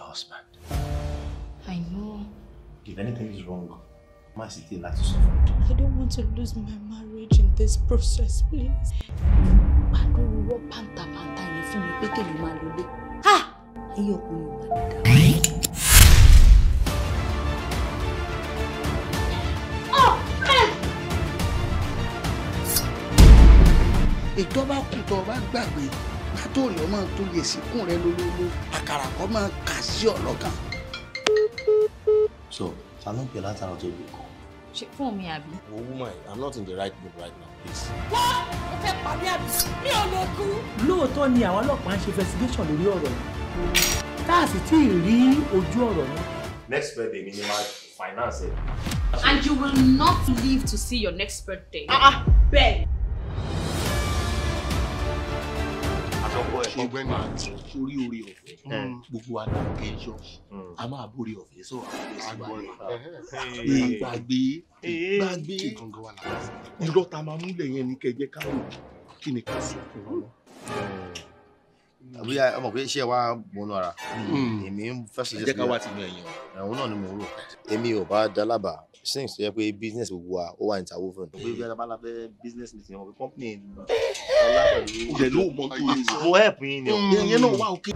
your husband. I know. If anything is wrong, my city like to suffer. I don't want to lose my marriage in this process, please. Pàdúrúwọ́ pàǹtàpàǹtà yẹn fún mi pé kèmi máa lọ lé. Ha! Ayé ọkùnrin ò máa dá. Oh, Ìjọba kùtọ̀ bá gbàgbé kátó ni tó yè síkùn rẹ lólóló àkàrà kọ́ máa kà sí ọ̀rọ̀ kan. so ta ló ń pè látara tó gbé kan. ṣe fún mi àbí. wo woman i'm not in the right mood right now please. wá o fẹ́ pa mí àbí mi ò lè kú. lóòótọ́ ni àwọn ọlọ́pàá ń ṣe investigation lórí ọ̀rọ̀ yìí tá a sì tí rí ojú ọ̀rọ̀ náà. next birthday ni ni máa finance it. and you will not live to see your next birthday. Uh -uh, ṣe gbẹ́ni sórí orí ọ̀fẹ́ hmm. Hmm. gbogbo adákẹ́jọ́ hmm. a máa borí ọ̀fẹ́ sọ àwọn ìgbàgbé ìgbàgbé ìrọ̀tà máa múlẹ̀ yẹn ní kẹjẹ káwọn kí ni ká sọ fún wọn àbí ọmọ pé iṣẹ́ wa mọnú ara hmm. èmi ń fẹsẹ̀ jẹ́ ká wá ti yan èèyàn ẹ̀hún náà ni mo rò èmi ò bá dalaba since tó yẹ pé business gbogbo wa ó wà ní ìtawó fún mi. pé bí alábàlá fẹ́ business meeting wọn pé company ọlá pẹ̀lú. pẹ̀lú mọ́tò mo help yín ni o. Hmm. ìyẹn náà wà òkè.